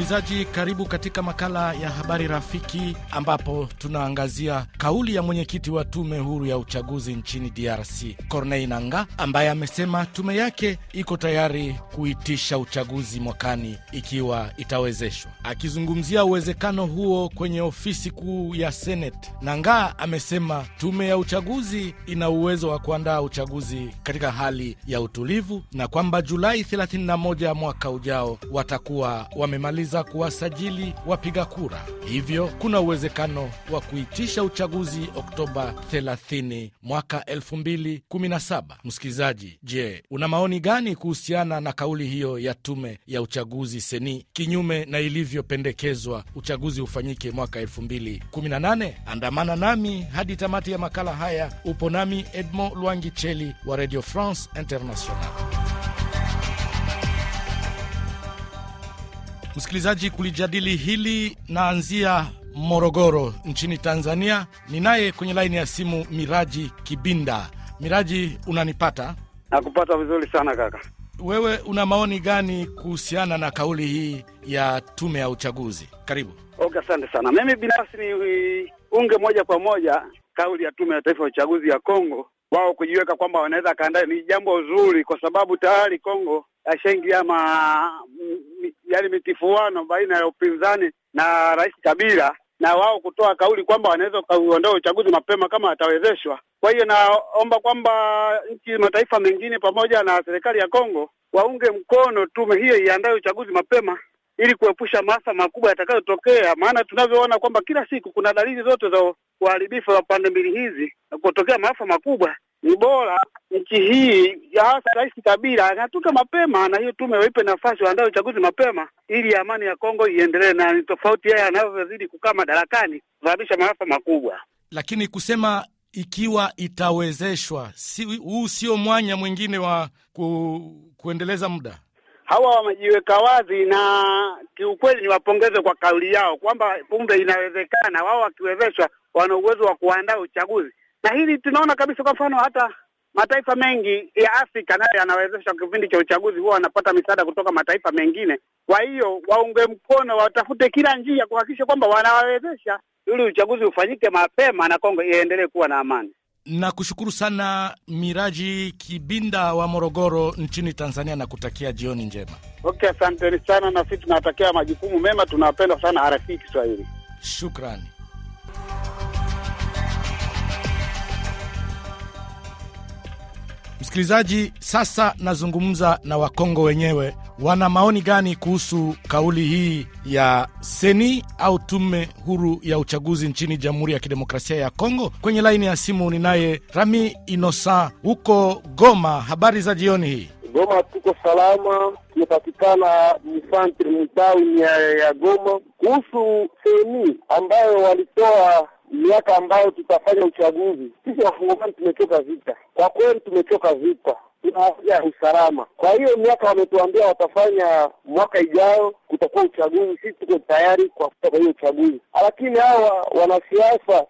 Msikilizaji, karibu katika makala ya habari rafiki, ambapo tunaangazia kauli ya mwenyekiti wa tume huru ya uchaguzi nchini DRC Corneille Nangaa, ambaye amesema tume yake iko tayari kuitisha uchaguzi mwakani ikiwa itawezeshwa. Akizungumzia uwezekano huo kwenye ofisi kuu ya senate Nangaa amesema tume ya uchaguzi ina uwezo wa kuandaa uchaguzi katika hali ya utulivu na kwamba Julai 31 mwaka ujao watakuwa wamemaliza za kuwasajili wapiga kura, hivyo kuna uwezekano wa kuitisha uchaguzi Oktoba 30 mwaka 2017. Msikilizaji, je, una maoni gani kuhusiana na kauli hiyo ya tume ya uchaguzi seni? Kinyume na ilivyopendekezwa uchaguzi ufanyike mwaka 2018. Andamana nami hadi tamati ya makala haya. Upo nami Edmond Lwangicheli wa Radio France International. Msikilizaji, kulijadili hili naanzia Morogoro nchini Tanzania. Ninaye kwenye laini ya simu Miraji Kibinda. Miraji, unanipata? Nakupata vizuri sana kaka. Wewe una maoni gani kuhusiana na kauli hii ya tume ya uchaguzi? Karibu. Okay, asante sana. Mimi binafsi ni unge moja kwa moja kauli ya tume ya taifa ya uchaguzi ya Kongo, wao kujiweka kwamba wanaweza kaandaa, ni jambo zuri, kwa sababu tayari Kongo ashaingia yani mitifuano baina ya upinzani na Rais Kabila na wao kutoa kauli kwamba wanaweza kuondoa uchaguzi mapema kama atawezeshwa. Kwa hiyo naomba kwamba nchi, mataifa mengine pamoja na serikali ya Kongo waunge mkono tume hiyo iandae uchaguzi mapema ili kuepusha maafa makubwa yatakayotokea, maana tunavyoona kwamba kila siku kuna dalili zote za uharibifu wa pande mbili hizi na kutokea maafa makubwa, ni bora nchi hii hasa Rais Kabila anatuka mapema, na hiyo tume waipe nafasi waandae uchaguzi mapema, ili amani ya Kongo iendelee, na ni tofauti yeye anavyozidi kukaa madarakani kusababisha maafa makubwa. Lakini kusema ikiwa itawezeshwa, huu si, sio mwanya mwingine wa ku, kuendeleza muda hawa wamejiweka wazi na kiukweli, niwapongeze kwa kauli yao kwamba kumbe inawezekana. Wao wakiwezeshwa wana uwezo wa kuandaa uchaguzi, na hili tunaona kabisa. Kwa mfano hata mataifa mengi ya Afrika nayo yanawezesha kipindi cha uchaguzi, huwa wanapata misaada kutoka mataifa mengine. Kwa hiyo waunge mkono, watafute kila njia kuhakikisha kwamba wanawawezesha ili uchaguzi ufanyike mapema na Kongo iendelee kuwa na amani. Nakushukuru sana Miraji Kibinda wa Morogoro nchini Tanzania na kutakia jioni njema. Okay, asanteni sana, na sisi tunawatakia majukumu mema, tunawapenda sana RFI Kiswahili. Shukrani. Msikilizaji, sasa nazungumza na Wakongo wenyewe, wana maoni gani kuhusu kauli hii ya seni au tume huru ya uchaguzi nchini Jamhuri ya Kidemokrasia ya Kongo? Kwenye laini ya simu ninaye Rami Inosa huko Goma. Habari za jioni hii. Goma tuko salama, tumepatikana misantri mitawi ya, ya Goma kuhusu seni ambayo walitoa miaka ambayo tutafanya uchaguzi. Sisi wafungomani tumechoka vita, kwa kweli tumechoka vita, tuna haja ya usalama. Kwa hiyo miaka wametuambia watafanya mwaka ijayo kutakuwa uchaguzi, sisi tuko tayari kwa kutoka hiyo uchaguzi, lakini hawa wanasiasa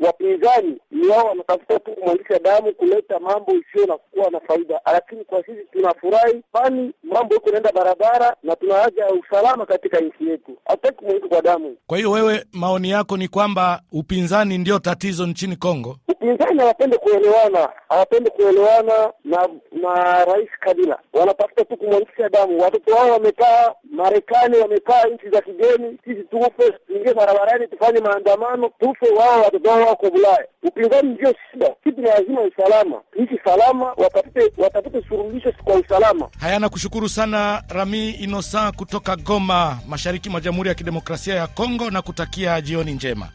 wapinzani ni wao wanatafuta tu kumwangisha damu, kuleta mambo isiyo na kuwa na faida. Lakini kwa sisi tunafurahi, kwani mambo huko naenda barabara na tuna haja ya usalama katika nchi yetu, hatutaki kumwangika kwa damu. Kwa hiyo wewe, maoni yako ni kwamba upinzani ndio tatizo nchini Kongo? Upinzani hawapende kuelewana, hawapende kuelewana na na rais Kabila wanatafuta tu kumwangisha damu. Watoto wao wamekaa Marekani, wamekaa nchi za kigeni. Sisi tufe tuingie barabarani, tufanye maandamano, tufe, wao watoto wao wako Bulaya. Upinzani ndio shida, kitu ni lazima usalama, nchi salama, watafute watafute suluhisho kwa usalama. Haya, nakushukuru sana Rami Inosa kutoka Goma, mashariki mwa Jamhuri ya Kidemokrasia ya Kongo, na kutakia jioni njema.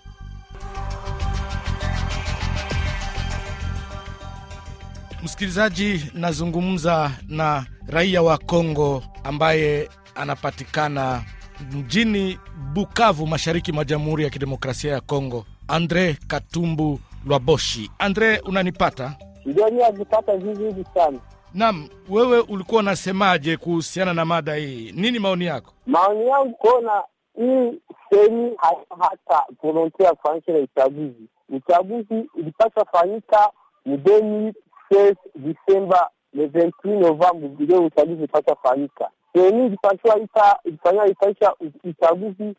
Msikilizaji, nazungumza na raia wa Kongo ambaye anapatikana mjini Bukavu, mashariki mwa Jamhuri ya Kidemokrasia ya Kongo, Andre Katumbu Lwaboshi. Andre, unanipata? Ndio, nazipata hivi hivi sana. Naam, wewe ulikuwa unasemaje kuhusiana na mada hii? Nini maoni yako? Maoni yangu kuona hii sehemu hata volonte ya kufanyisha na uchaguzi, uchaguzi ilipaswa fanyika mudeni 16 Disemba le 28 Novembre, ndio uchaguzi ipasha fanyika. Seni ilifanywa ipaisha uchaguzi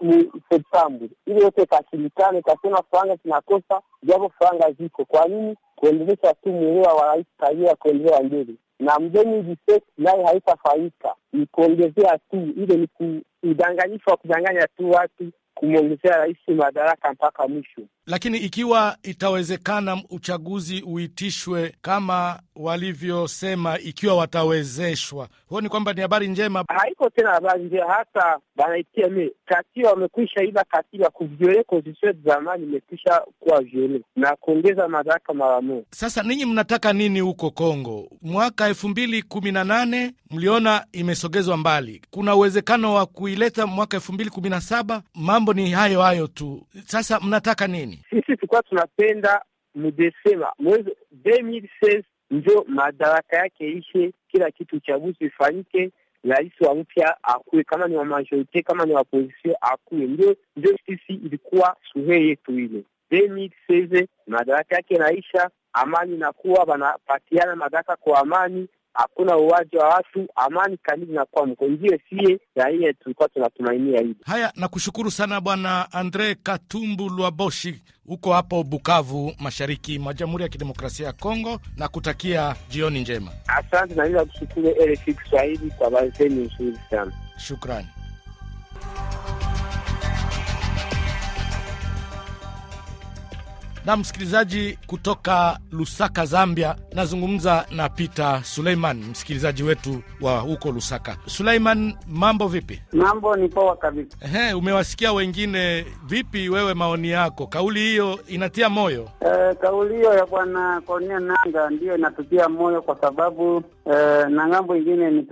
ni Septambri, ile yote kashirikane, ikasema faranga zinakosa, japo faranga ziko. Kwa nini kuendelesha tu mwelewa wa rais Kaia kuendelea mbele na mgeni research naye haitafanyika, ni kuongezea tu ile, ni kudanganyishwa, wa kudanganya tu watu kumwongezea rais madaraka mpaka mwisho. Lakini ikiwa itawezekana uchaguzi uitishwe kama walivyosema, ikiwa watawezeshwa, huo ni kwamba ni habari njema? Haiko tena habari njema hasa banaitia katiba wamekwisha, ila katiba kuviole constitution zamani imekwisha kuwa viole na kuongeza madaraka mara moja. Sasa ninyi mnataka nini huko Kongo? Mwaka elfu mbili kumi na nane mliona imesogezwa mbali, kuna uwezekano wa kuileta mwaka elfu mbili kumi na saba Mambo ni hayo hayo tu, sasa mnataka nini? Sisi tulikuwa tunapenda mudesema mwezi 2016 ndio madaraka yake ishe, kila kitu uchaguzi ifanyike rais wa mpya akuwe, kama ni wa majorite, kama ni wa opposition akuwe. Ndio ndio sisi ilikuwa suhe yetu ile seze madaraka yake naisha, amani nakuwa, wanapatiana madaraka kwa amani, hakuna uwaji wa watu, amani kamili na kwa mko ndio sie raia tulikuwa tunatumainia hivi. Haya, nakushukuru sana Bwana Andre Katumbu Lwaboshi huko hapo Bukavu, mashariki mwa Jamhuri ya Kidemokrasia ya Kongo, na kutakia jioni njema. Asante, naweza kushukuru RFI Kiswahili kwa bazeni zenu nzuri sana, shukrani. na msikilizaji kutoka Lusaka, Zambia. Nazungumza na Peter Suleiman, msikilizaji wetu wa huko Lusaka. Suleiman, mambo vipi? Mambo ni poa kabisa. Ehe, umewasikia wengine vipi? Wewe maoni yako, kauli hiyo inatia moyo? E, kauli hiyo ya bwana Konia Nanga ndiyo inatutia moyo kwa sababu e, na ngambo ingine ni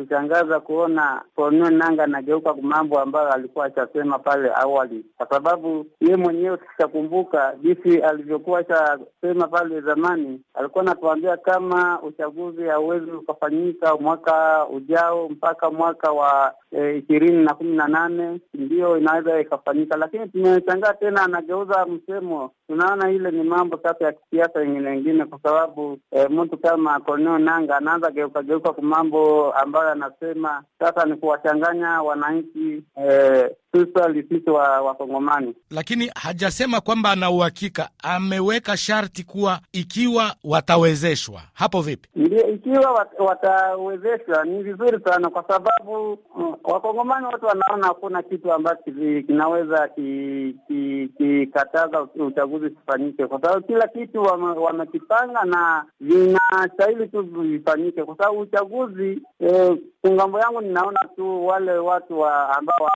kuona Konia Nanga anageuka mambo ambayo alikuwa achasema pale awali, kwa sababu ye mwenyewe tushakumbuka jinsi alivyo alichokuwa shasema pale zamani, alikuwa anatuambia kama uchaguzi hauwezi ukafanyika mwaka ujao mpaka mwaka wa e, ishirini e, na kumi na nane ndiyo inaweza ikafanyika, lakini tumeshangaa tena anageuza msemo. Tunaona ile ni mambo sasa ya kisiasa ingine ingine, kwa sababu e, mtu kama Corneille nanga anaanza geuka geuka kwa mambo ambayo anasema sasa ni kuwachanganya wananchi e, hususani sisi wa Wakongomani. Lakini hajasema kwamba ana uhakika, ameweka sharti kuwa ikiwa watawezeshwa. Hapo vipi? Ndio, ikiwa watawezeshwa ni vizuri sana, kwa sababu mm, Wakongomani wote wanaona hakuna kitu ambacho kinaweza kikataza ki, ki, uchaguzi usifanyike, kwa sababu kila kitu wamekipanga wame na vinastahili tu vifanyike, kwa sababu uchaguzi eh, Kungambo yangu ninaona tu wale watu wa ambao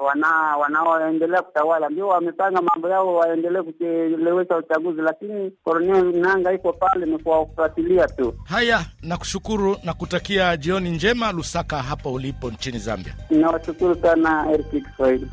wana- wanaoendelea kutawala ndio wamepanga mambo yao waendelee kuchelewesha uchaguzi, lakini Kornel Nanga iko pale ni kuwafuatilia tu. Haya, nakushukuru na kutakia jioni njema Lusaka, hapo ulipo nchini Zambia. Ninawashukuru sana RFI Kiswahili.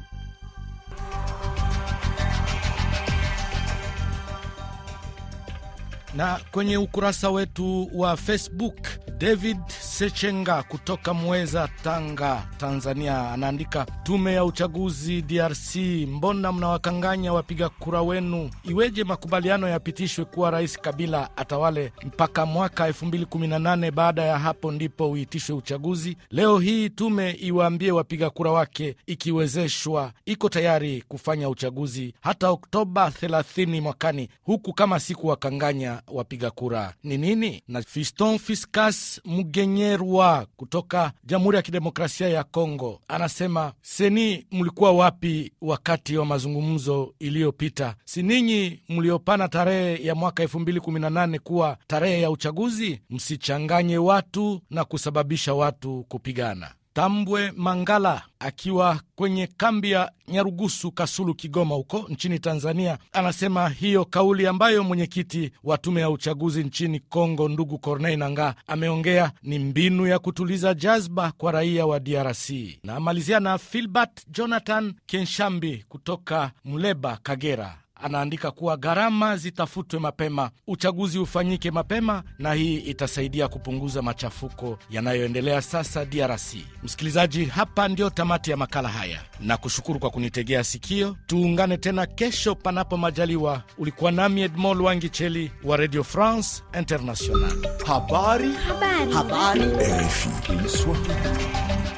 Na kwenye ukurasa wetu wa Facebook David Sechenga kutoka Mweza, Tanga, Tanzania, anaandika tume ya uchaguzi DRC, mbona mnawakanganya wapiga kura wenu? Iweje makubaliano yapitishwe kuwa Rais Kabila atawale mpaka mwaka 2018? Baada ya hapo ndipo uitishwe uchaguzi. Leo hii tume iwaambie wapiga kura wake, ikiwezeshwa iko tayari kufanya uchaguzi hata Oktoba 30 mwakani, huku kama si kuwakanganya wapiga kura ni nini? Na Fiston Fiskas Mugenye Nyerwa kutoka Jamhuri ya Kidemokrasia ya Kongo anasema seni, mlikuwa wapi wakati wa mazungumzo iliyopita? Si ninyi mliopana tarehe ya mwaka 2018 kuwa tarehe ya uchaguzi? Msichanganye watu na kusababisha watu kupigana. Tambwe Mangala akiwa kwenye kambi ya Nyarugusu, Kasulu, Kigoma huko nchini Tanzania, anasema hiyo kauli ambayo mwenyekiti wa tume ya uchaguzi nchini Kongo ndugu Corneille Nangaa ameongea ni mbinu ya kutuliza jazba kwa raia wa DRC. Na amalizia na Filbert Jonathan Kenshambi kutoka Muleba, Kagera anaandika kuwa gharama zitafutwe mapema, uchaguzi ufanyike mapema, na hii itasaidia kupunguza machafuko yanayoendelea sasa DRC. Msikilizaji, hapa ndiyo tamati ya makala haya na kushukuru kwa kunitegea sikio. Tuungane tena kesho, panapo majaliwa. Ulikuwa nami Edmond Wangicheli wa Radio France International. Habari. Habari. Habari. Habari.